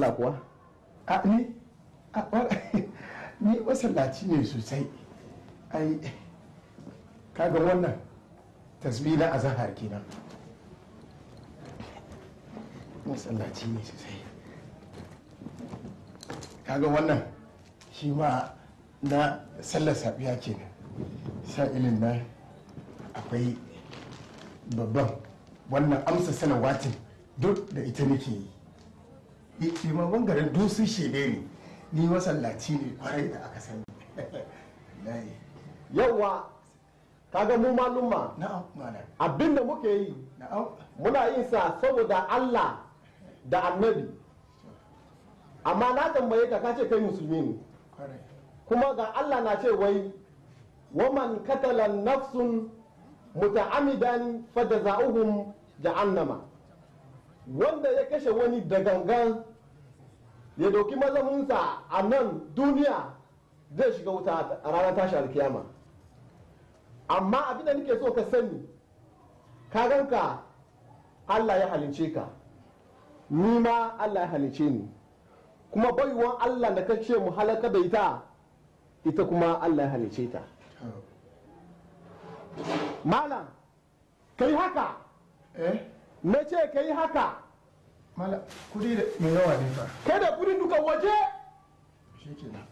sallah kuwa a ni ni masallaci ne sosai ai kaga wannan tasbila a zahar kenan masallaci ne sosai kaga wannan shi ma na sallar safiya kenan ilin na akwai babban wannan amsa sana'watin duk da ita nake yi limaman garin dusun shebe ne ni masallaci ne kwarai da aka sani yawa kaga mu malumma abin muke yi muna yin sa saboda Allah da annabi amma na tambaye ka kace kai musulmi ne kuma ga Allah na ce wai waman katalan nafsun muta'amidan da jahannama wanda ya kashe wani da gangan ya dauki mazaminsa a nan duniya zai shiga wuta a ranar tashi alkiyama amma abin da nake so ka sani ka ganka Allah ya halince ka ni ma Allah ya halince ni kuma baiwan Allah da ka ce mu halaka da ita ita kuma Allah ya halince ta malam kai haka eh na ce kai haka mala kudi da mai yawa ne fa kai da kudin duka waje shikenan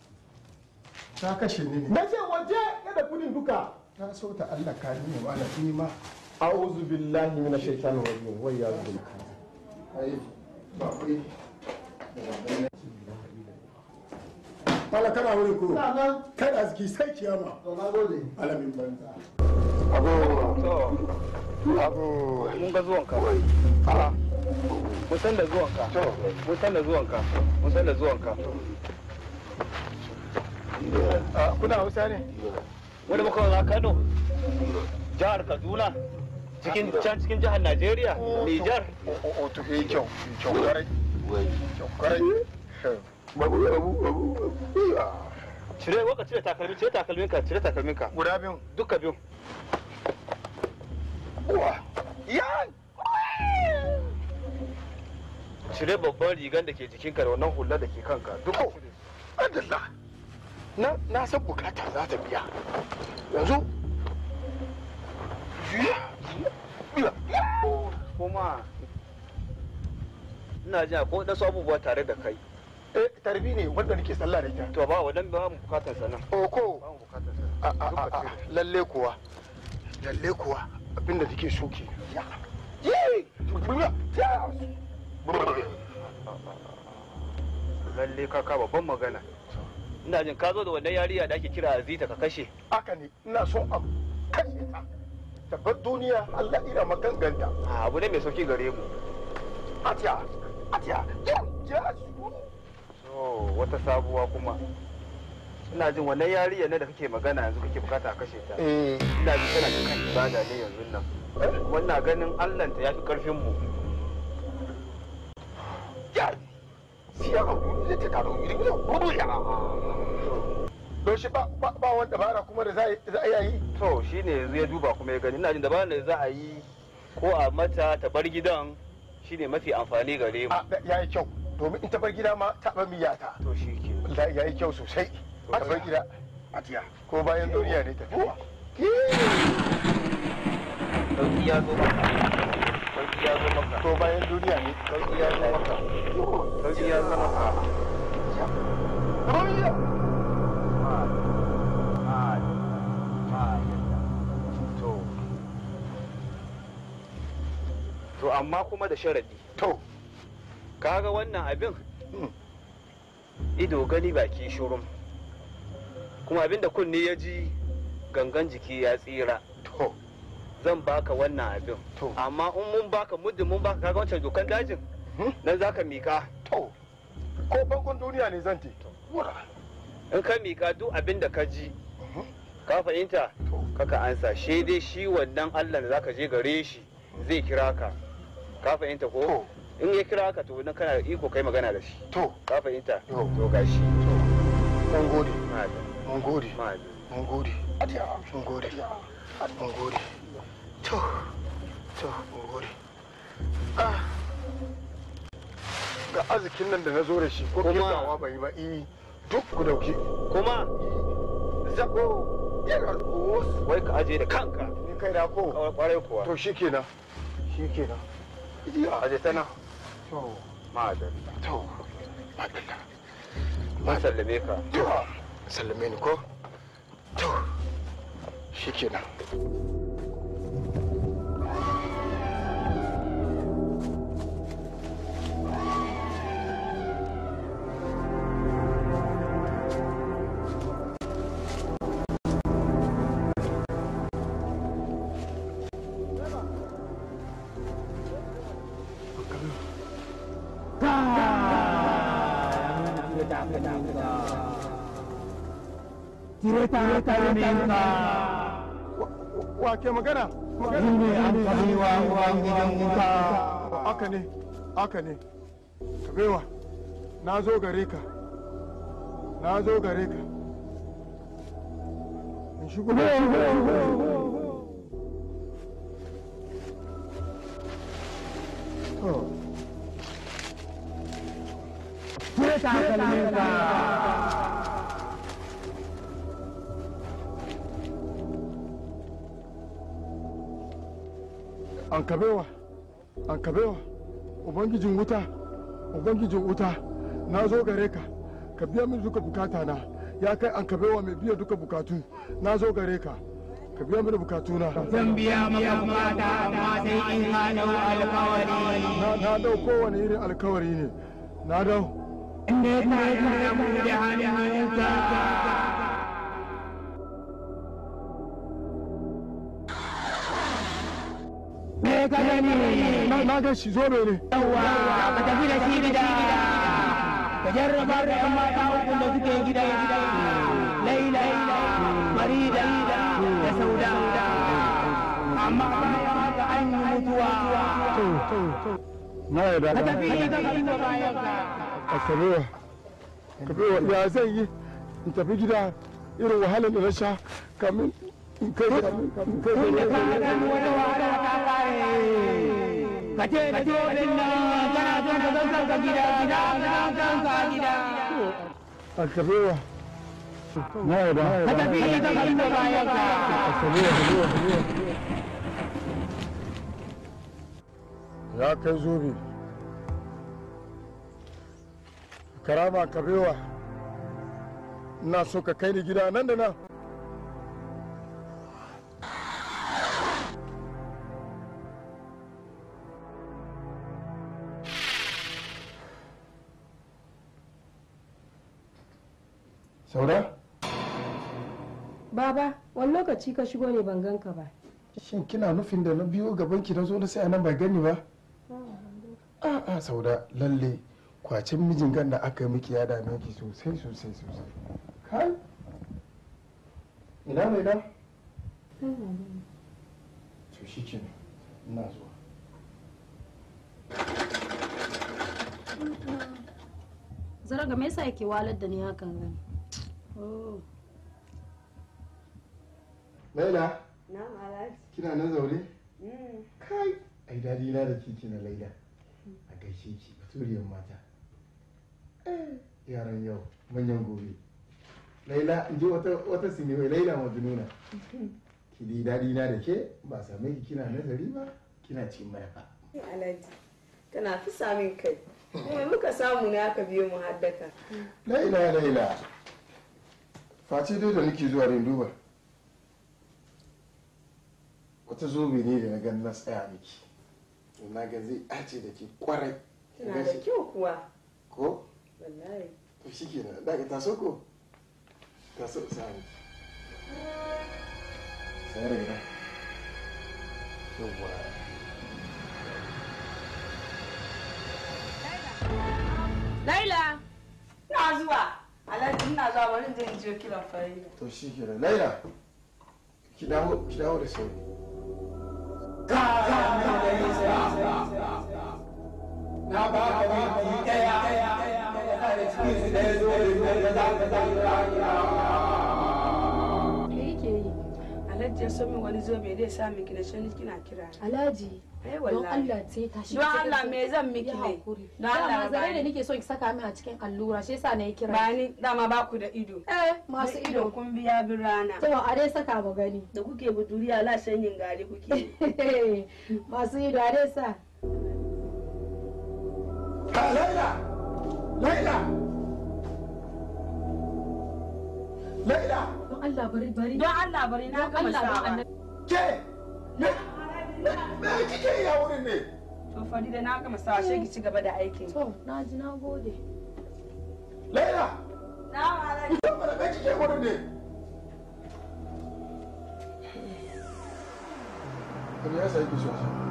ta kashe ni ne nace waje kai da kudin duka Ta so ta Allah ka ni ne mala ni ma a'udhu billahi minash shaitanir rajim wa ya rabbi ayi ba kudi Mala kana wurin ko? Kada ziki sai kiyama. To na gode. Alamin banza. Abu. Abu. Mun ga zuwanka. A'a. mun san da zuwanka mun san da zuwanka mun san da zuwanka ah, kuna hausa ne wani makawa kano jihar kaduna cikin can cikin jihar najeriya nijar o to eh, kyau kyau kwarai kyau kwarai babu babu babu cire waka cire takalmi cire takalmin ka cire takalmin ka guda biyun duka biyun uwa cire babban rigan da ke jikin ka da wannan hula da ke kanka duko adalla na na san bukata za ta biya yanzu kuma ina jin akwai wadansu abubuwa tare da kai eh tarbi ne wanda nake sallah da ita to ba wadan ba mu bukatar sana oko oh, ba mu bukatar sana lalle kuwa lalle kuwa abinda take so ya ya ya lalle kaka babban magana ina jin ka zo da wannan yariya da ake kira azita ka kashe haka ne ina son abu kashe ta tabbar duniya Allah ira maganganta abu ne mai sauki gare mu atiya atiya ya so wata sabuwa kuma ina jin wannan yariya ne da kake magana yanzu kake bukata kashe ta eh. ina jin tana da kan ibada ne yanzu nan wannan ganin Allah ta yafi karfin mu 야, siyaga gudu zai ta karo gudu gudu ya to shi ba ba wanda bara kuma da za a yi to shine yanzu ya duba kuma ya gani ina jin dabarar da za a yi ko a mata ta bar gidan shine mafi amfani gare mu ya yi kyau domin in ta bar gida ma ta bar miyata to shi ke wallahi yayi kyau sosai ta bar gida atiya ko bayan doriya ne ta dauki ya zo ba to duniya amma kuma da sharadi to kaga wannan abin hmm. ido gani baki shurum kuma abin da kunne ya ji gangan jiki ya tsira to zan baka wannan abin amma in mun baka muddin mun baka kaga wancan dokan dajin hmm? nan za ka mika to ko bankon duniya ne zan te in ka mika duk abin da ka ji hmm? ka fahimta kaka ansa shi dai shi wannan allah da zaka je gare shi zai kira ka ka fahimta ko in ya kira ka to nan kana da iko kai magana da shi to ka fahimta to gashi mun gode mun gode mun gode mun gode mun gode to to gode ga arzikin nan da na zo da shi ko kirkawa bai ba i duk ku dauki kuma zako yana wai ka aje da kanka ni kai da ko kwarai kuwa to shikenan shikenan iya aje tana to madalla to madalla ma sallame ka to sallame ni ko to shikenan kireta karninka wake magana magana ne an kai wa uwan gidan wuta haka ne haka ne kabewa na zo gare ka na zo gare ka in shigo Oh. Kireta karninka an kabewa an kabewa ubangijin wuta ubangijin wuta na zo gare ka ka biya min duka bukata na ya kai an kabewa mai biya duka bukatu na zo gare ka ka biya mini bukatu na zan biya maka bukata amma sai in ka dau alkawari na dau kowane irin alkawari ne na dau inda ya ta ta da ta na gan shi zobe ne yawa ka tafi da shi gida ka jarraba da yan mata uku da suke gida laila da sauda amma haka an yi mutuwa na yarda ka tafi da shi bayan ka ka wa ya zan yi in tafi gida irin wahalar da na sha kamin in kai Ka ce da dolin nan kana son ka zan ka gida gida ka zan ka gida a kabewa na yarda ka tafi ka tafi da bayan ka a kabewa kabewa kabewa ya kai zobe karama kabewa ina so ka kai ni gida nan da nan saura baba wani lokaci ka shigo ne ban ganka ba shin kina nufin da na biyo gaban ki na zo na sai anan ba gani ba a a saura lalle kwacin mijin gan da aka yi miki ya dame ki sosai sosai sosai kai ina mai na to shi ke ina zuwa zara ga me yasa yake walar da ni hakan gani Oh. Laila? na Alhaji. Kina nan zaure mm. Kai, ai dadi na da kiki na Laila. A gaishe ki, baturiyar mata. Yaran yau, manyan gobe. Laila, in ji wata sinewa laila Laila Majnuna. Ki di dadi na da ke, ba same ki kina nazari ba, kina cin mayafa. Alhaji, kana fi sami kai. Kuma muka samu ne aka biyo mu haddaka. Laila, Laila. face dai da nake zuwa rin duba wata zobe ne da na gan na tsaya miki na ga zai ace da ke kwarai yana da kyau kuwa ko wallahi to shike na ka taso ko taso ni sai to wa Laila, na zuwa. alhaji ina zuwa bari zan je kiran farida to shi kenan laila ki dawo ki dawo da sauri na ba ka wiki ɗaya daya cikin daya zo da zo da za ka ka je so min wani zobe zai sa miki da shi kina kira alhaji eh, don Allah sai shi don Allah me zan miki ne don Allah zare da nake so ki saka min a cikin allura shi yasa yi kira ba ni dama ba ku da ido eh masu ido kun biya bin rana to a dai saka mu gani da kuke buduriya la shanyin gari kuke masu ido a dai sa ah, Laila! Laila! Laila! don Allah bari bari don Allah bari na gama ke me me wurin ne to na gama sawa sai ki ci da aikin to na ji na gode Laila ya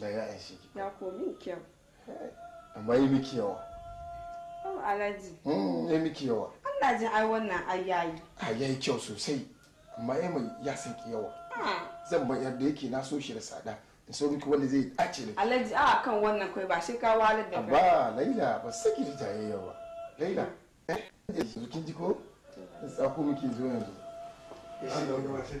Allah ya an shi ya komi kyau eh, amma yi miki yawa oh, alhaji hmm, yi miki yawa Allah jin ai wannan ai yayi a yayi kyau sosai amma ya mai ya saki yawa ah. zan bayar da yake na so shi da tsada in so miki wanda zai dace da alhaji a kan wannan kai ba shi ka walar da ba laila ba saki da tayi yawa laila hmm. eh kin ji ko tsako miki zo yanzu ya shi da wani wasan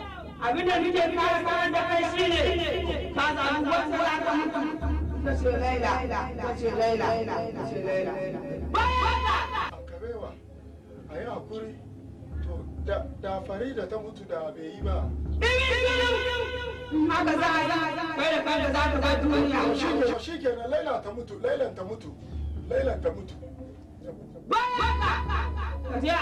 abin da muke fara kawar da kai shi ne ka zaɓi wanda za ka mutu da ce laila da ce laila da ce laila bayan da kabewa a yi hakuri to da farida ta mutu da bai yi ba haka za a yi kai da kanka za ka zaɓi wani a shi kenan laila ta mutu lailan ta mutu lailan ta mutu bayan da je a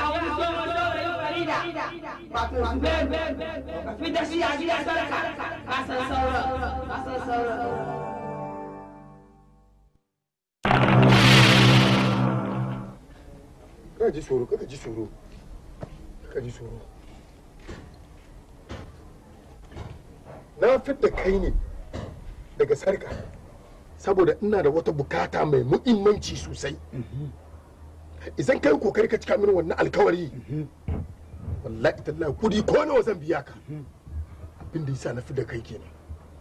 da ji tsoro ji tsoro ji tsoro na fidda kai ne daga sarka saboda ina da wata bukata mai muhimmanci sosai mm-hmm. idan kai kokari ka cika min wannan alkawari wallahi tallahi kudi ko nawa zan biya ka abin da yasa na fi da kai kenan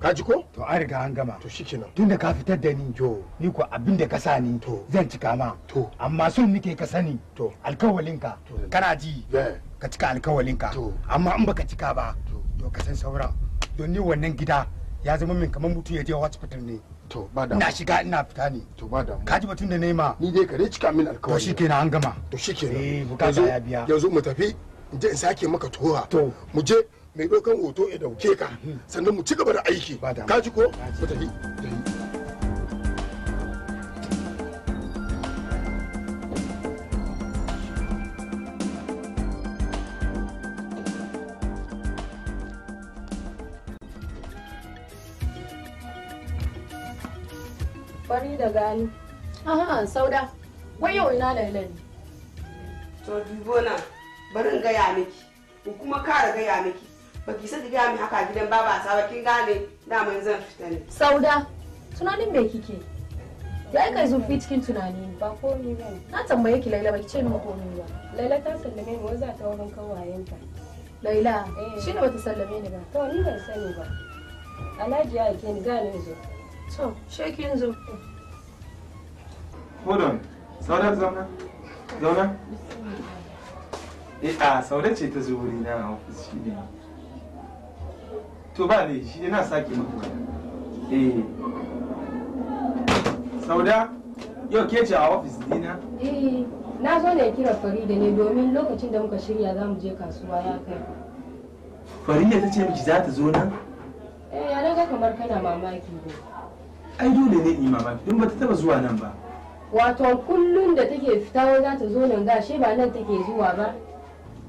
ka ji ko to an riga an gama to shikenan tunda ka fitar da ni to ni ko abin da ka sa ni to zan cika ma to amma ni ke ka sani to alkawalin ka kana ji ka cika alkawalin ka amma in baka cika ba to ka san sauran don ni wannan gida ya zama min kamar mutu ya je hospital ne to ba da ina shiga ina fita ne to ba da ka ji batun da nema ni dai kare cika min alkawari to shikenan an gama to shikenan eh bukata ya biya yanzu mu tafi in je in sake maka tuwa to mu je mai ɗaukan hoto ya dauke ka hmm. sannan mu ci gaba da aiki ka ji ko mu tafi da gani aha sauda wai yau ina da ne to dubo na barin gaya miki Ku kuma kara gaya miki baki ki ki gaya min haka gidan baba sa ba kin gane mun zan fita ne sauda tunanin me kike ya zo fit cikin tunani ba komi ba na tambaye ki laila baki ce min komi ba laila ta sallame ni wanda ta wurin kawayenta laila eh. shi ne bata sallame ni ba to ni ban sani ba alhaji ya ke ni gane zo to shekin zo hold on saudat zauna zauna eh a saudat ce ta zuwa na a ofis shi ne to ba ne shi na sake maka eh sauda yau ke ce a ofis dina eh na zo ne kira farida ne domin lokacin da muka shirya za mu je kasuwa ya kai farida ta ce miki za ta zo nan eh ya ga kamar kana mamaki ne ai dole ne in mamaki don ba ta taba zuwa nan ba wato kullum da take fita wai za ta zo nan shi ba nan take zuwa ba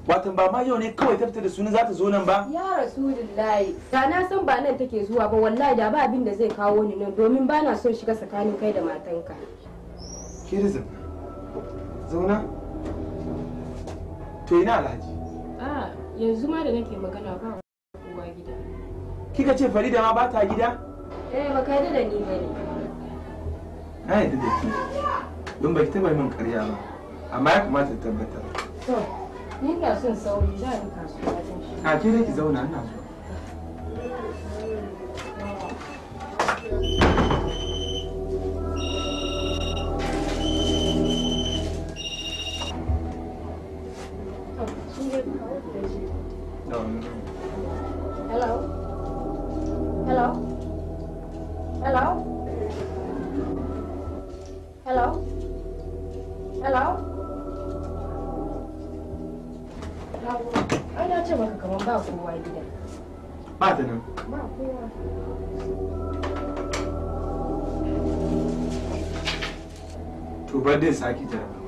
watan ba ma yau ne kawai ta fita da sunan za ta zo nan ba ya rasulullahi da na san ba nan take zuwa ba wallahi da ba abin da zai kawo ni nan domin ba na son shiga tsakanin kai da matanka kirizin zauna to ina alhaji a yanzu ma da nake magana ba kowa gida kika ce farida ma ba ta gida eh baka yarda da ni bane na yadda da ke don ba ki taba min karya ba amma ya kamata ta tabbata. to ni ina son sauri za ni kasuwa jin shi a ke ki zauna ina zuwa kawo ai na ce maka kamar ba kowa gida ba ta nan ba kowa to bar dai saki jarabi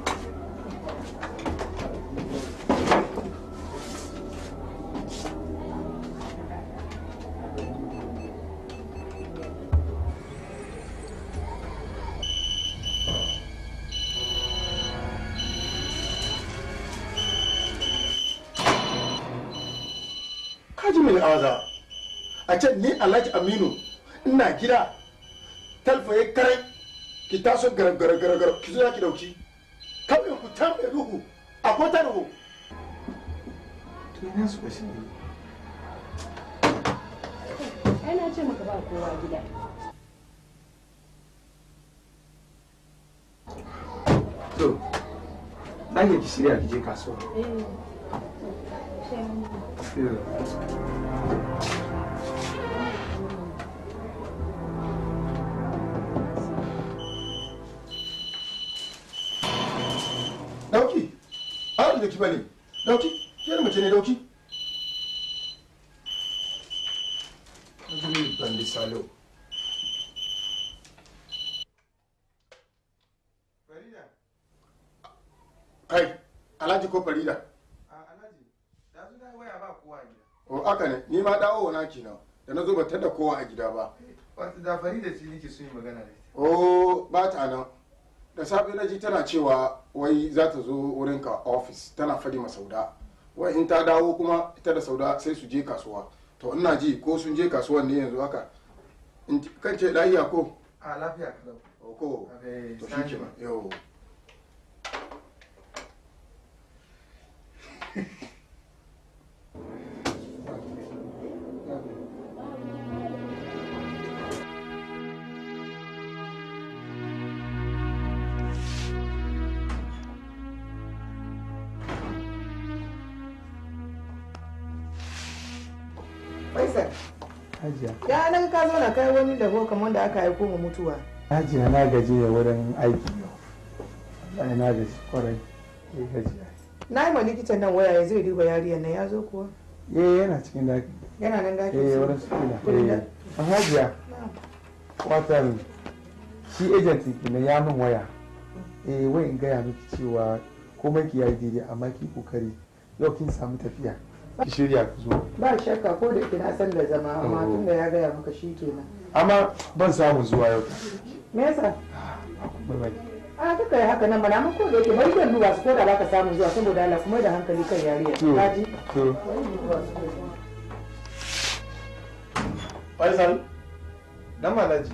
ce ni alhaji aminu ina gida talfa ya kare ki taso garagaragar ki zo ki dauki kawai ku tambaye ruhu a kota ruhu tunanin su kwashe ne ai na ce maka ba kowa gida to zaki ki shirya ki je kasuwa eh ba ne dauki ke mace ne dauki ai alhaji ko farida alhaji da su waya ba kowa a o oh, aka ne ni ma dawo na kenan da na zo ba ta da kowa a gida ba ba eh, ta da farida ce nake so yi magana da ita o oh, ba ta nan da safe na ji tana cewa wai za ta zo wurinka ofis tana fadi ma sauda wai in ta dawo kuma ita da sauda sai su je kasuwa to ina ji ko sun je kasuwan ne yanzu haka kan ce lafiya ko a lafiya ko ko eh, to shi ke ba yau hajiya ya nan ka zo na kai wani da kamar wanda aka aiko mu mutuwa ji na gaji ne wurin aiki yau na gaji kwarai ke eh, gajiya na yi ma likitan nan waya ya zai duba yariyar nan ya zo kuwa eh yana cikin daki yana nan daki eh wurin suke eh. da eh hajiya watan shi ejenti ne ya min waya eh wai in gaya miki cewa komai ki yi daidai amma ki kokari yau kin samu tafiya ki shirya ku zo ba shakka ko da yake na san da zama amma oh. tun da ya gaya maka shi kenan amma ban samu zuwa yau me yasa ah, a kuka ah, yi haka nan mana amma ko da yake bari zan duba su ko da baka samu zuwa saboda Allah kuma da hankali kan yariya ka ji Faisal dan malaji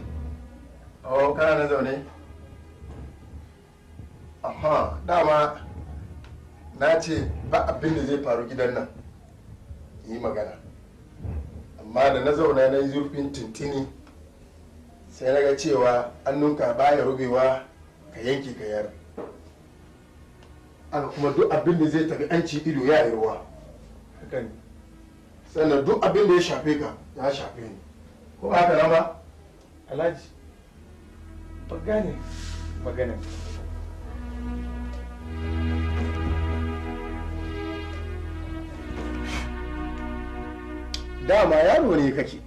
oh kana na zaune aha dama na ce ba abin da zai faru gidan nan yi magana amma da na zauna na zurfin tintini sai na ga cewa annunka baya rubewa ka yanke ka yar an kuma duk abin da zai tafi an ci ido ya yi ruwa sannan duk abin da ya shafe ka ya shafe ni ko haka na ba alhaji ba gane maganin dama yaro ne kake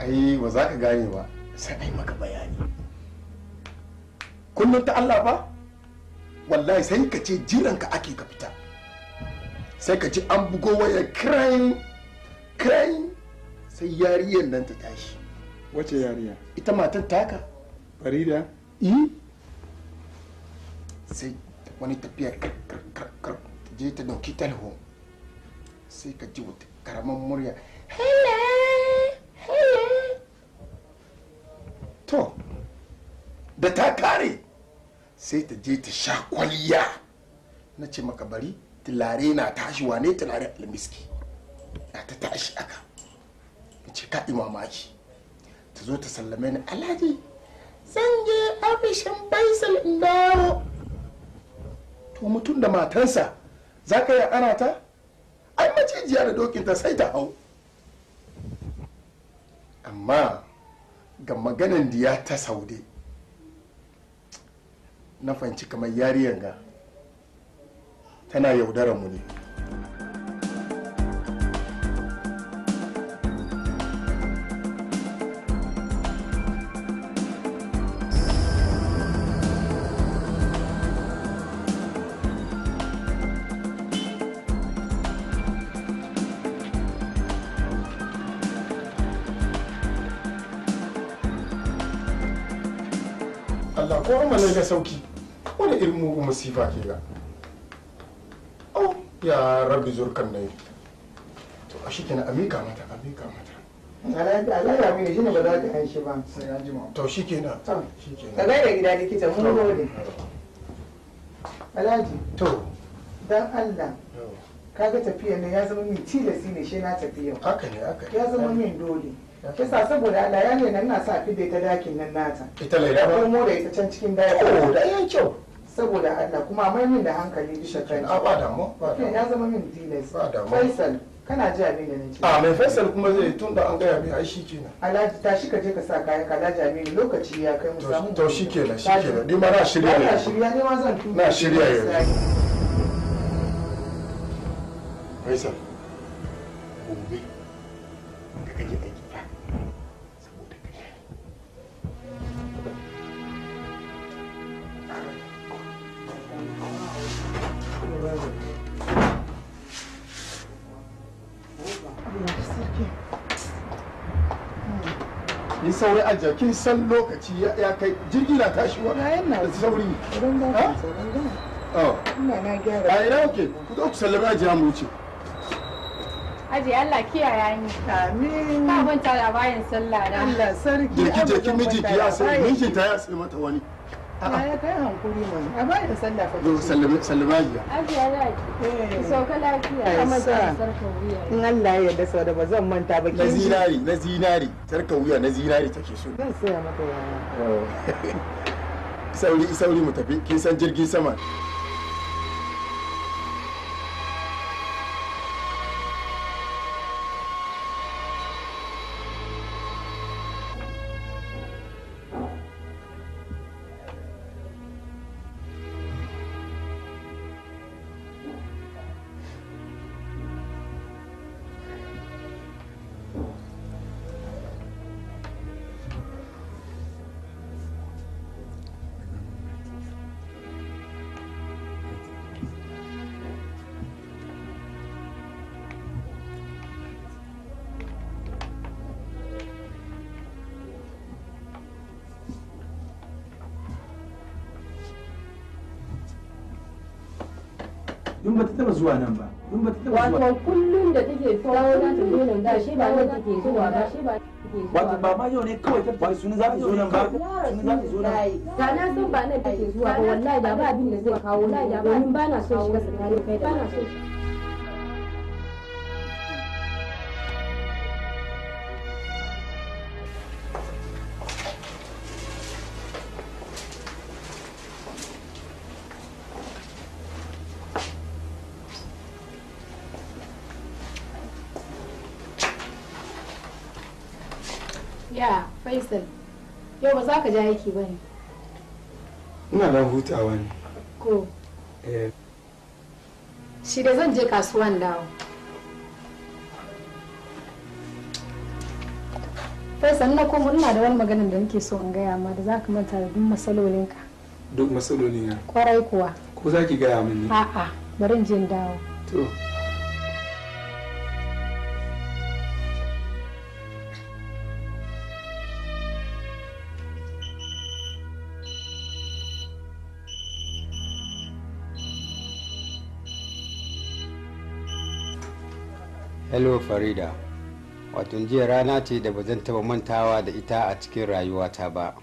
ai ba za ka gane ba sai ai maka bayani kullum ta Allah ba wallahi sai ka ce jiranka ake ka fita sai ka ji an bugo waya crying crying sai yariyar nan ta tashi wace yariya ita matar taka farida eh sai wani tafiya kar kar kar je ta dauki telefon sai ka ji wata karaman murya Hello, hello. To, da ta kare sai ta je ta sha kwalliya. Na ce maka bari, tulare na tashi wane tulare almiski. Na ta tashi aka. Na ce ka Ta zo ta sallame ni alhaji. Zan je ofishin Baisal in dawo. To mutum da matansa za ka yi ana ta? Ai jiya da dokinta sai ta hau. amma ga maganan da ya ta saude na fanci kamar yariyar ga tana yaudara mu ne sai sauki wani irin mugun masifa ke ga oh ya rabbi zurkan nai to a shi kenan amika mata amika mata Allah ya shi ne ba za ka hanshi ba sai ya jima to shi kenan shi kenan ka gaida gida likita mun gode Alhaji to dan Allah kaga tafiyan ne ya zama min tilasi ne shi na tafiyan haka ne haka ya zama min dole kisa saboda Allah ya ne nan na sa fide ta dakin nan nata ita laida ba mu da ita can cikin oh, da ko da yan kyau saboda Allah kuma mai min da hankali bi kai a ba damu ba damu ya zama min tilas faisal kana ji abin da nake a mai faisal kuma zai tun da an gaya mai ai na. alhaji ta shi ka je ka sa kaya ka alaji aminu lokaci ya kai mu samu to ke shikenan ni ma na shirya ne na shirya ne ma zan tuka na shirya yau faisal sauri a jakin san lokaci ya kai jirgi na tashi wa da sauri oh. a ina oke ku zo ku sallama aji ya wuce aji Allah kiyaya ni amin ka kwanta labarin sallah na Allah sarki jeki jeki miji ki ya sai miji ta ya sai mata wani Allah ya yarda da ba zan manta ba na zinari na zinari sarkar wuya na zinari take so zan saya maka yaya oh. sauri sauri mu tafi kin san jirgin sama in ba ta taba zuwa nan ba in ba ta taba zuwa wato kullun da take kawo za ta zo nan da shi ba nan take zuwa ba shi ba wato ba ma yau ne kawai ta ba suna za ta zo nan ba suna za ta zo nan ga na san ba nan take zuwa ba wallahi da ba abin da zai kawo wallahi da ba ba na so shiga tsakanin kai ba na so ba za ka ja aiki ba ne ina dan hutawa ne ko eh shi da zan je kasuwan dawo Faisal na kuma ina da wani maganin da nake so in gaya ma da za ka manta da duk matsalolinka. Duk matsalolina? Kwarai kuwa. Ko za ki gaya mini? A'a, bari in je dawo. To. hello farida watan jiya rana ce da ba zan taba mantawa da ita a cikin rayuwata ba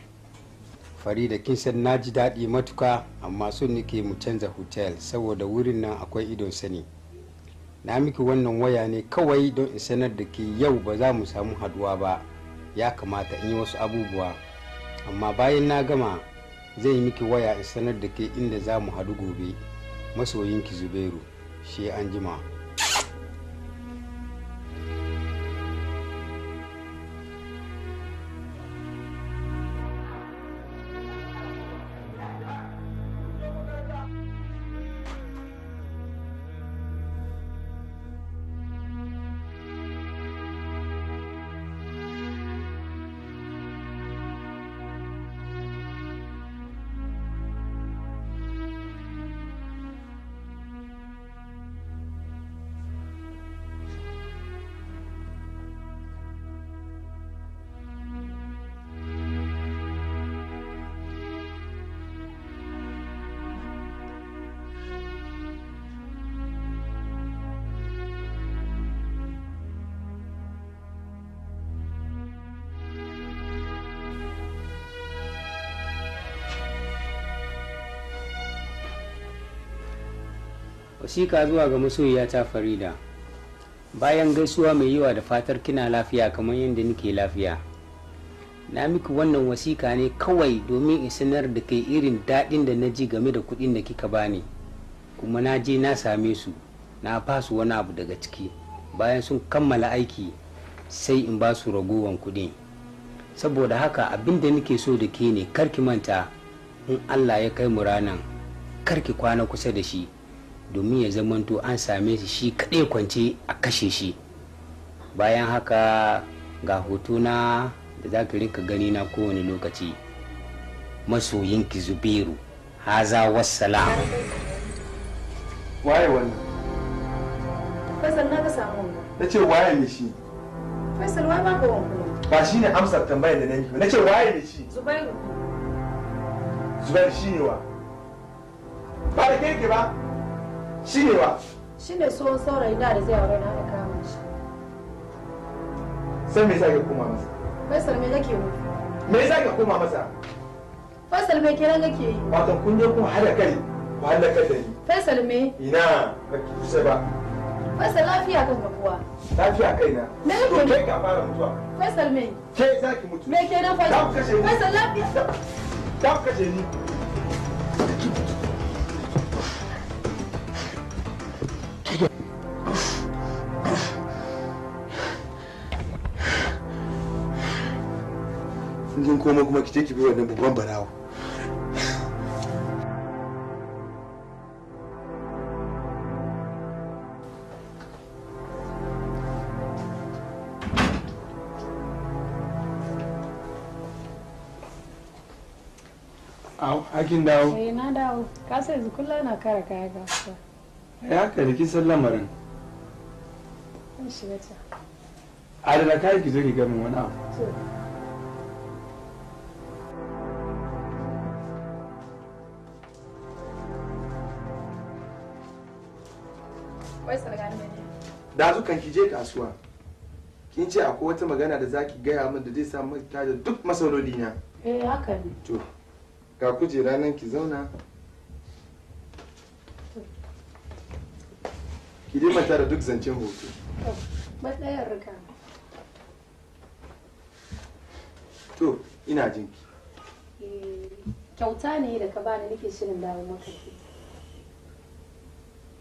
farida kin san na ji daɗi matuka amma sun nike mu canza hotel saboda wurin nan akwai idon sani na miki wannan waya ne kawai don in sanar da ke yau ba za mu samu haduwa ba ya kamata in yi wasu abubuwa amma bayan na gama zai yi miki waya in sanar da ke inda za mu hadu gobe masoyinki zubairu shi an jima. wasiƙa zuwa ga masoyiya ta farida bayan gaisuwa mai yawa da fatar kina lafiya kamar yadda nike lafiya na miki wannan wasiƙa ne kawai domin in sanar da kai irin daɗin da na ji game da kuɗin da kika bani kuma na je na same su na ba su wani abu daga ciki bayan sun kammala aiki sai in ba su ragowar kuɗi saboda haka abin da nake so da ke ne karki manta in allah ya kai mu ranan karki kwana kusa da shi domin ya zamanto an same shi shi kaɗai kwance a kashe shi bayan haka ga hoto na da za ka rinka gani na kowane lokaci ki zubairu haza wassalam waye wannan faisal na samu na ce waye ne shi faisal ba ba shi ne amsar tambayar da na yi na ce waye ne shi zubairu zubairu shi ne wa ba da kirki ba shi ne wa shi ne tsohon saurayi da da zai aure na aka kama shi sai me yasa ka koma masa faisal me kake nufi me yasa ka koma masa faisal me kenan kake yi wato kun je kun hada kai ku hada kai da ni faisal me ina ba kusa ba faisal lafiya kan ka kuwa lafiya kaina me kake ne ka fara mutuwa faisal me ke zaki mutu me kenan faisal faisal lafiya ta kashe ni kin koma kuma ki je ki bi wannan babban barawo Au, hakin dawo. Eh na dawo. Ka sai yanzu kullum na kara kaya kasuwa. Eh, ya ka kisan lamarin. Zan shiga ta. Adana kayan ki zo ki ga min wani abu. da zukan ki je kasuwa kin ce akwai wata magana da zaki gaya min da zai sa mafita da duk masaloli na eh haka ne to ga kujera nan ki zauna ki dai mata da duk zancen hoto matsayar riga to ina jinki eh, kyauta ne da ka bani nake shirin dawo maka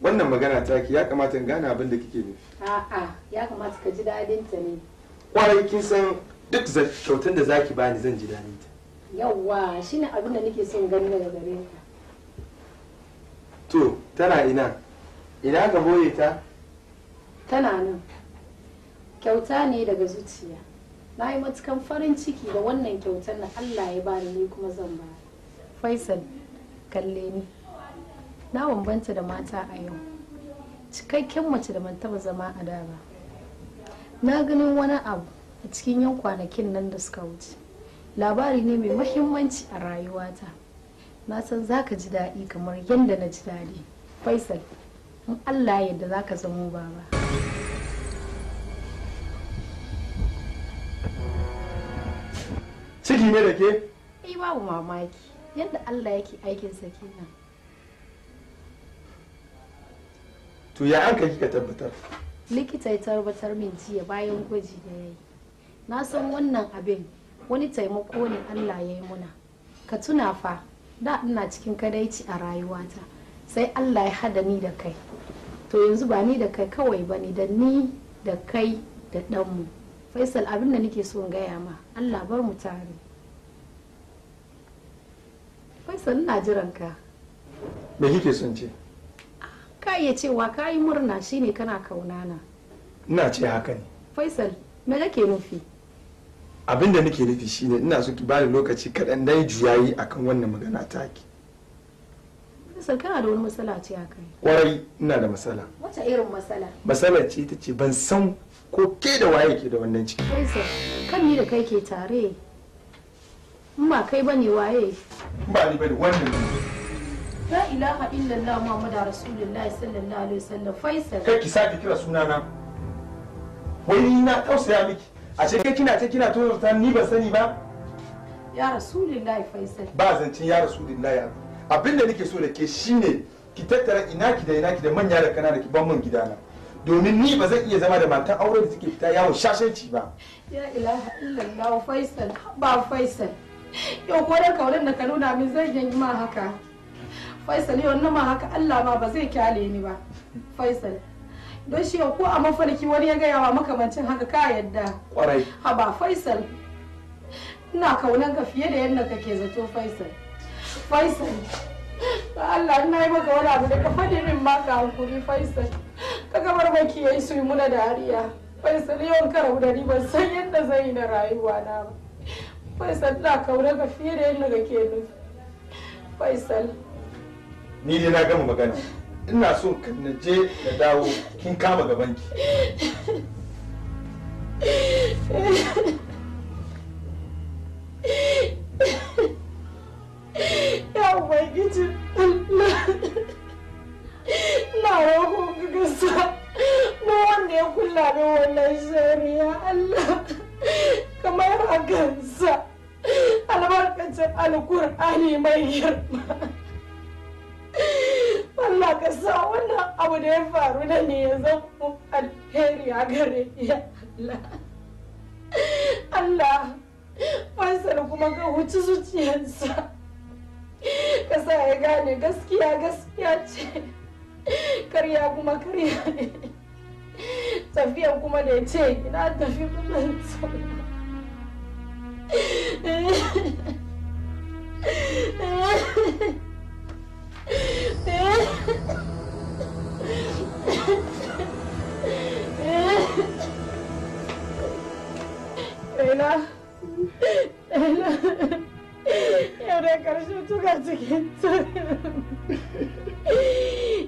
wannan magana ki ya kamata in gane abin da kike nufi a'a ya kamata ka ji dadin ta ne kwarai kin san duk kyautar da zaki bani zan ji dadin ta yawwa shine abin da nake son gani daga gare ka to tana ina ina ka boye ta tana nan kyauta ne daga zuciya na yi matukan farin ciki da wannan kyautar da allah ya bani ni kuma zan ba faisal kalle ni na bambanta da mata a yau cikakken mace da ban taba zama a daba na ganin wani abu a cikin yan kwanakin nan da suka wuce labari ne mai mahimmanci a rayuwata na san za ka ji daɗi kamar yadda na ji daɗi faisal in allah yadda za ka zamo baba ciki ne da ke? Eh, babu mamaki yadda allah yake aikinsa kenan to ya an kai kika tabbatar likita ya tabbatar min jiya bayan gwaji da yayi na san wannan abin wani taimako ne Allah ya yi muna ka tuna fa da ina cikin kadaici a rayuwata sai Allah ya hada ni da kai to yanzu ba ni da kai kawai ba ne da ni da kai da ɗanmu faisal abin da nake so gaya ma Allah bar mu tare faisal ina jiran ka me kike son ce ka iya cewa ka yi murna shine kana kaunana ina ce haka ne faisal me kake nufi abin da nake nufi shine ina so ki bani lokaci kaɗan dai juyayi akan wannan magana taki faisal kana da wani matsala ce haka ne kwarai ina da matsala wata irin matsala matsala ce ta ce ban san ko ke da waye ke da wannan ciki faisal kan ni da kai ke tare in ba kai bane waye ba ni bane wannan la ilaha illallah muhammadu rasulullahi sallallahu alaihi wasallam faisal kai ki sake kira sunana wai ni na tausaya miki a ce kai kina ce kina tozarta ni ban sani ba ya rasulullahi faisal ba zancen ya rasulullahi abinda nake so da ke shine ki tattara ina ki da ina ki da manya da kana da ki ban man gidana domin ni ba zan iya zama da matan aure da suke fita yawon shashanci ba ya ilaha illallah faisal ba faisal yau ko da kaurin da ka nuna min zan yi ma haka faisal yau nama haka allah ma ba zai kyale ni ba faisal don shi ko a mafarki wani ya gaya wa makamancin haka ka yadda kwarai haba faisal ina kaunan ka fiye da yadda kake zato faisal faisal Allah na yi maka wani abu da ka faɗi min ma ka hankuri faisal ka gabar maki ya yi su muna dariya faisal ka rabu da ni ban san yadda zan yi na rayuwa na ba faisal Ina kaunan ka fiye da yadda kake nufi faisal ni dai na gama magana ina son ka na je da dawo kin kama ki ya ubangiji na roƙo ga gasa ba wanda ya kula da wannan shari'a Allah kamar a gansa albarkacin alkur'ani mai girma Allah ka sa wannan abu da ya faru da ne ya zama alheri a gare ya Allah. Allah, Faisal kuma ka huci zuciyarsa. Ka sa ya gane gaskiya gaskiya ce, karya kuma karya ne. Tafiyan kuma da ya ce ina tafi kuma Eh. Ela, ela, yau e da ƙarshe tuka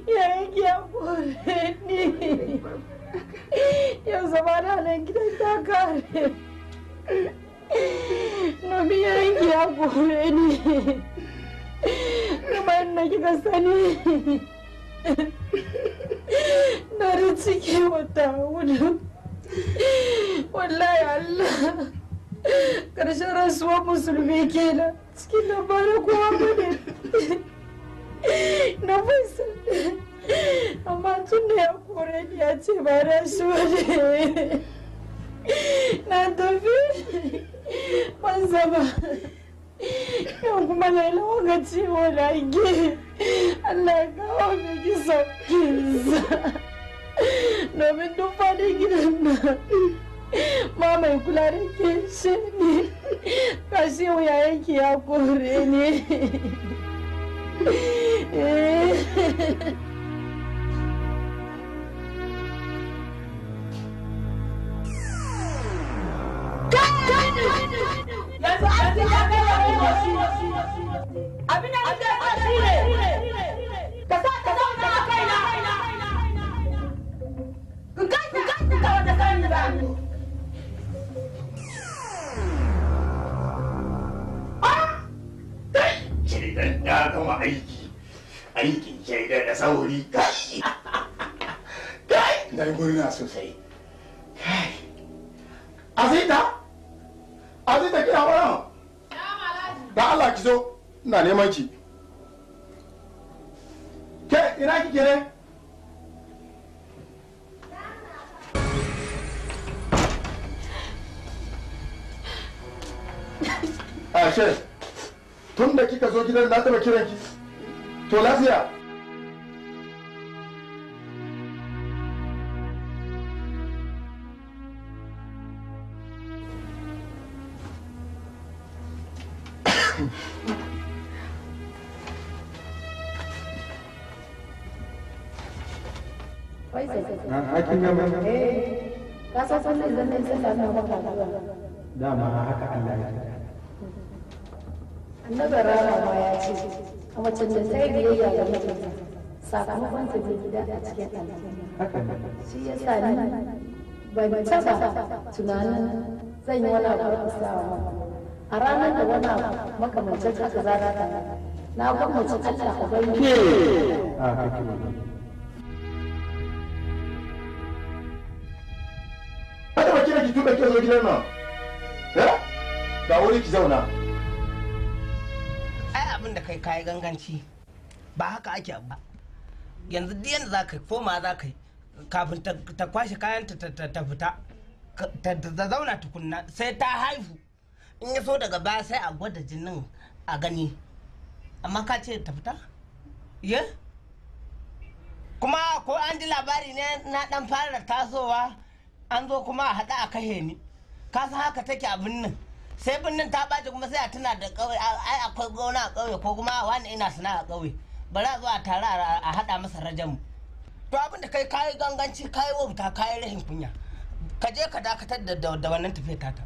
ya ya da nan gidan ta kare. Nomi ya rage ya da kika sani na da ciki wata hudu wallahi Allah ƙarshen rasuwar musulmi kenan cikin na bara kowa bane na fasa amma tun da ya kore ni ya ce ba rasuwa ne na tafi ban zama yau kuma na lokaci wala ge Allah ya kawo mai kisa domin duk faɗin gidan na ma mai kula da ke shi ne kashi wuya yake ya kore ne Got it! yanzu an ji ya kai da kuma shi abin da nake ba shi ne ka sa ka zauna a kaina in kai ka kai ka wanda kan ba Shaidan ya gama aiki, aikin shaidan da sauri gashi. Kai, na yi murna sosai. Kai, azita, azita da wurin da Allah ki zo ina neman ki ke ina kike ne Ashe, tun da kika zo gidan na taɓa kiranki, to lafiya. dama haka Allah ya annabar rama ya ce a macen da sai biyayya ga mijinta sakamakon ta ne gida a cikin aljanna shi ya sa ni ban tunanin zan yi wani abu kusawa a ranar da wani abu makamancin haka za ta na gwamnati Allah a da ke zo gidan nan ga wuri ki zauna ai abin da kai kayi ganganci ba haka ake ba yanzu duk yanda za ka yi koma za ka yi kafin ta kwashe kayan ta fita ta zauna tukunna sai ta haihu in ya so daga baya sai a gwada jinin a gani amma ka ce ta fita ye kuma ko an ji labari ne na dan fara tasowa an zo kuma a haɗa a kashe ni ka san haka take a birnin sai birnin ta ɓaci kuma sai a tuna da ƙauye ai akwai gona a ƙauye ko kuma wani ina sana'a a ƙauye bari a zo a tare a haɗa masa rajamu to abinda da kai kayi ganganci kayi wauta kayi rahin kunya ka je ka dakatar da wannan tafiya tata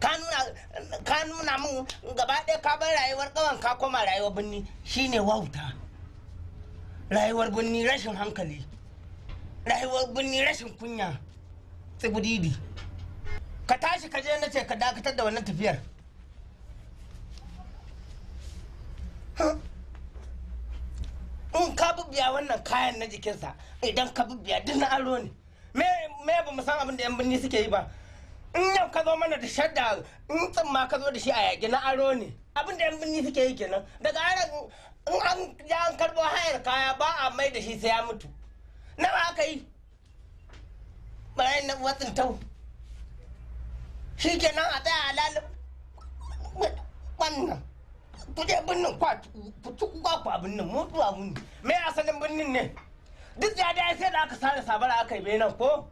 ka nuna min gaba ɗaya ka bar rayuwar ƙawan ka koma rayuwar birni shine wauta rayuwar birni rashin hankali rayuwar birni rashin kunya tsibiridi ka tashi ka je na ce ka dakatar da wannan tafiyar in ka bubbiya wannan kayan na jikinsa idan ka bubbiya duk na aro ne me ba mu san abin da yan birni suke yi ba in yau ka zo mana da shadda in tsimma ka zo da shi a yaƙi na aro ne abin da yan birni suke yi kenan daga ara in an karɓo hayar kaya ba a mai da shi sai ya mutu na ba aka yi bayan na watan tau shi ke nan a tsaya alalin wannan kuje birnin kwaci kwaku abin nan mutu abin mai asalin birnin ne duk ya da sai da aka sare sabara aka yi nan ko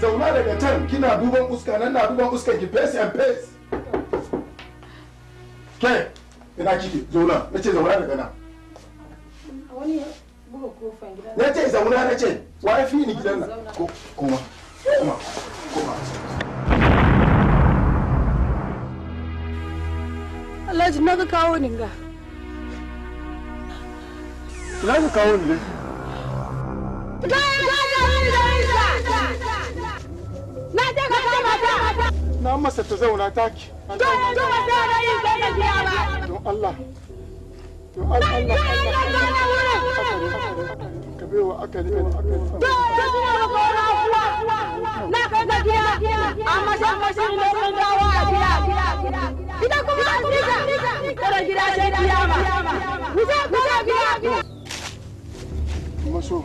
zauna daga can kina duban uska nan na duban uska ki face and face ina kike zauna na ce zauna daga nan na ce zauna na ce wa fi ni gidan nan kuma kuma kuma Alhaji na ka kawo ni ga. Na ka kawo ni ne. na masa ta zauna taki don Allah don Allah ka bai wa akali akali na kai gajiya amma shan mashin ne sun dawo a gida gida kuma a gida kada gida sai kiyama wuce kuma biya maso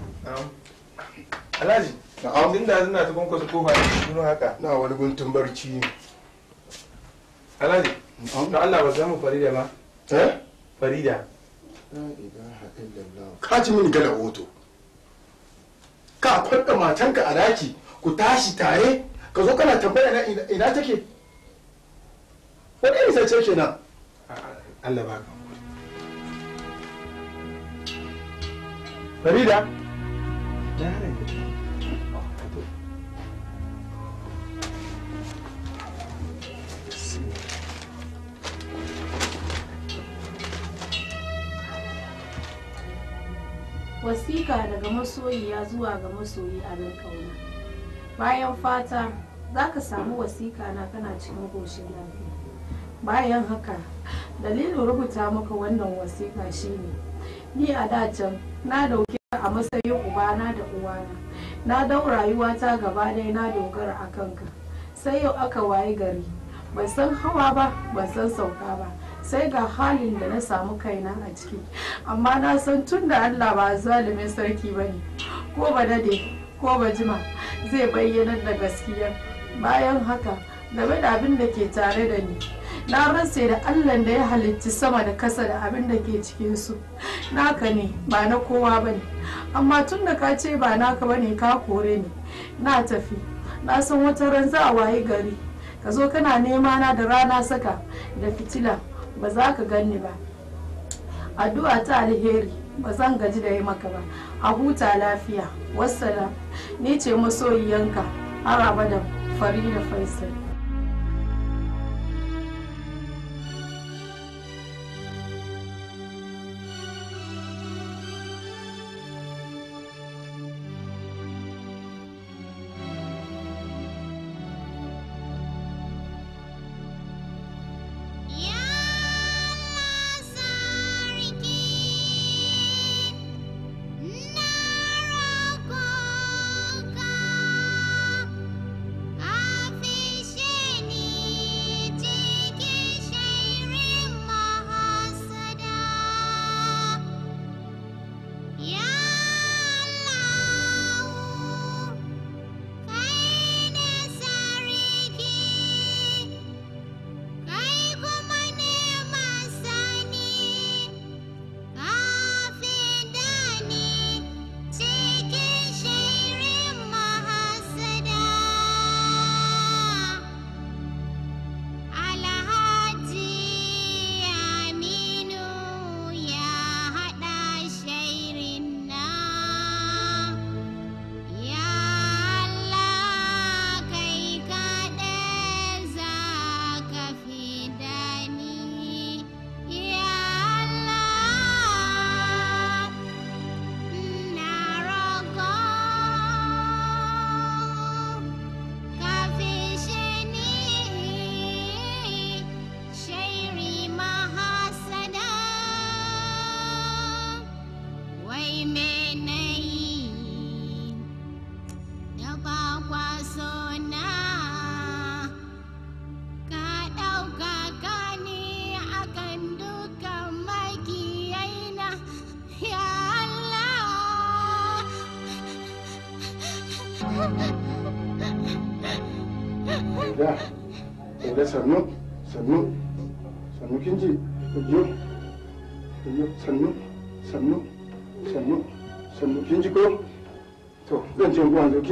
a wajen da suna ta kwankwasa kofa da shi haka na wani guntun barci alhaji na allah ba za mu farida ba eh farida ka ci mini gala hoto? ka kwanta matanka a daki ku tashi tare ka zo kana tambaya na ina take wani irin sace kenan allah ba ka farida Wasika daga masoyiya zuwa ga masoyi abin kauna bayan fata za ka samu wasika na kana cikin goshin lafiya bayan haka dalilin rubuta maka wannan wasika shine ni a dacan na dauke a matsayin ubana da uwana na dau rayuwata gaba ɗaya na dogara a kanka sai yau aka waye gari ban san hawa ba ban san sauka ba sai ga halin da na samu kaina a ciki amma na san tun da allah ba zalimin sarki ba ne ko ba dade ko ba jima zai bayyana da gaskiya bayan haka game da abin da ke tare da ni na rantse da allah da ya halitti sama da kasa da abin da ke cikinsu naka ne ba na kowa ba ne amma tun da ka ce ba naka ba ne ka kore ni na tafi na san wata ran za a waye gari ka zo kana nema na da rana saka da fitila ba za ka ganni ba addu'a ta alheri ba zan gaji da yi maka ba a huta lafiya wassalam ni ce masoyiyanka araba da farida faisal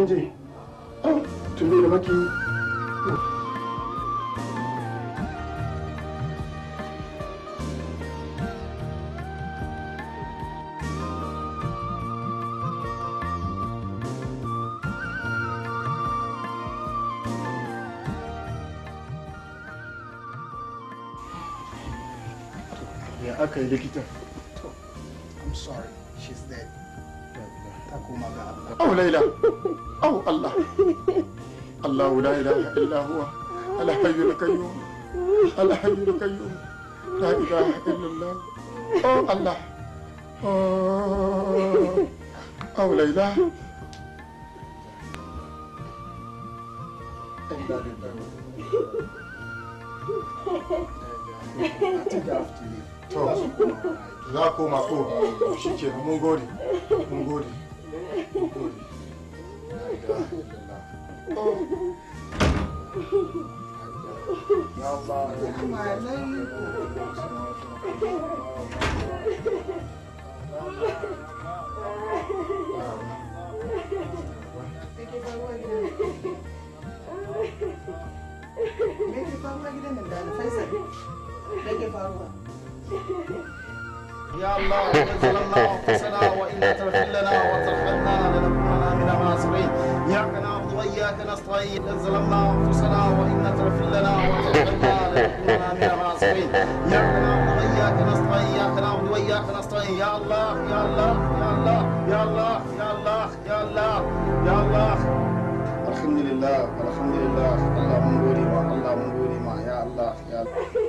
kin tun da maki ya aka yi likitan إله إلا هو الحي القيوم الحي القيوم لا إله إلا الله أو الله أو, أو ليلى إلا لله to za ko mako shi ke mun gode mun gode mun gode Yallah. Maymun. Peki farla gidelim yani Faysal. Peki farla. يا الله اغفر لنا وانفسنا وانك تغفر لنا وترحمنا لنكونن من الخاسرين اياك نعبد واياك نستعين ان ظلمنا انفسنا وانك تغفر لنا وترحمنا لنكونن من الخاسرين اياك نعبد واياك نستعين اياك نعبد واياك نستعين يا الله يا الله يا الله يا الله يا الله يا الله يا الله الحمد لله الحمد لله الله من ما الله من ما يا الله يا الله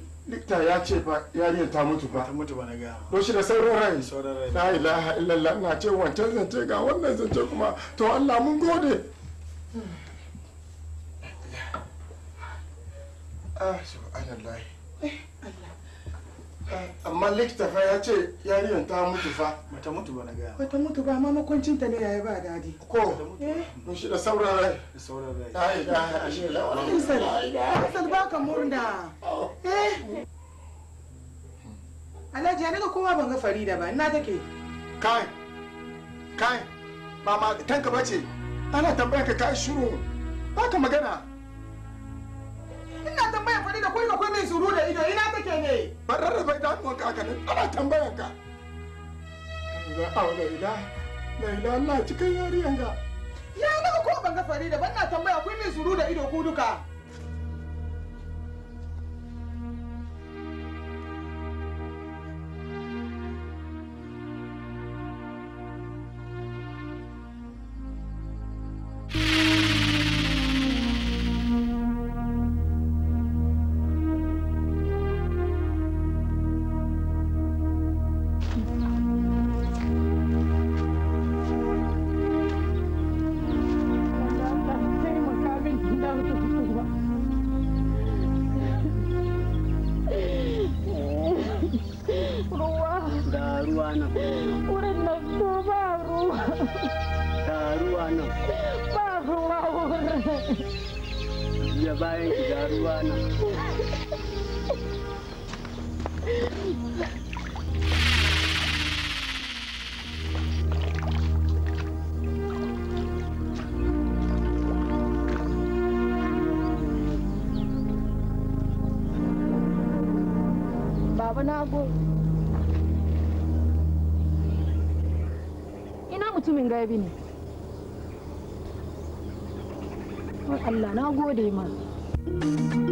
likta ya ce ba yariyar ta mutu ba ta mutu ba na gaya to shi da sauran rai sauran rai la ilaha illallah na ce wancan zance ga wannan zance kuma to Allah mun gode hmm. ah subhanallah eh. amma likita fa ya ce yarinyar ta mutu fa mata mutu ba na gaya bata mutu ba amma ta ne yayi ba dadi ko eh? mun shi da sauran rai da sauran rai yi da ashe wani ba ka murna eh Alhaji ya naga kowa ban ga Farida ba ina take kai kai mama tanka ce. ana tambayar ka kai shiru ba ka magana ina tambaya fari da kwai da kwai mai suru da ido ina take ne ban rarrabe da mu kaka ne ana tambayan ka ga a wala ila da ila Allah cikin yariyan ga ya na ko ban ga fari da ban na tambaya kwai mai suru da ido ku duka anak urat nafsu baru Daru anak baru awur ya baik baru anak Apa nak buat? ya bi ni Allah na gode ma.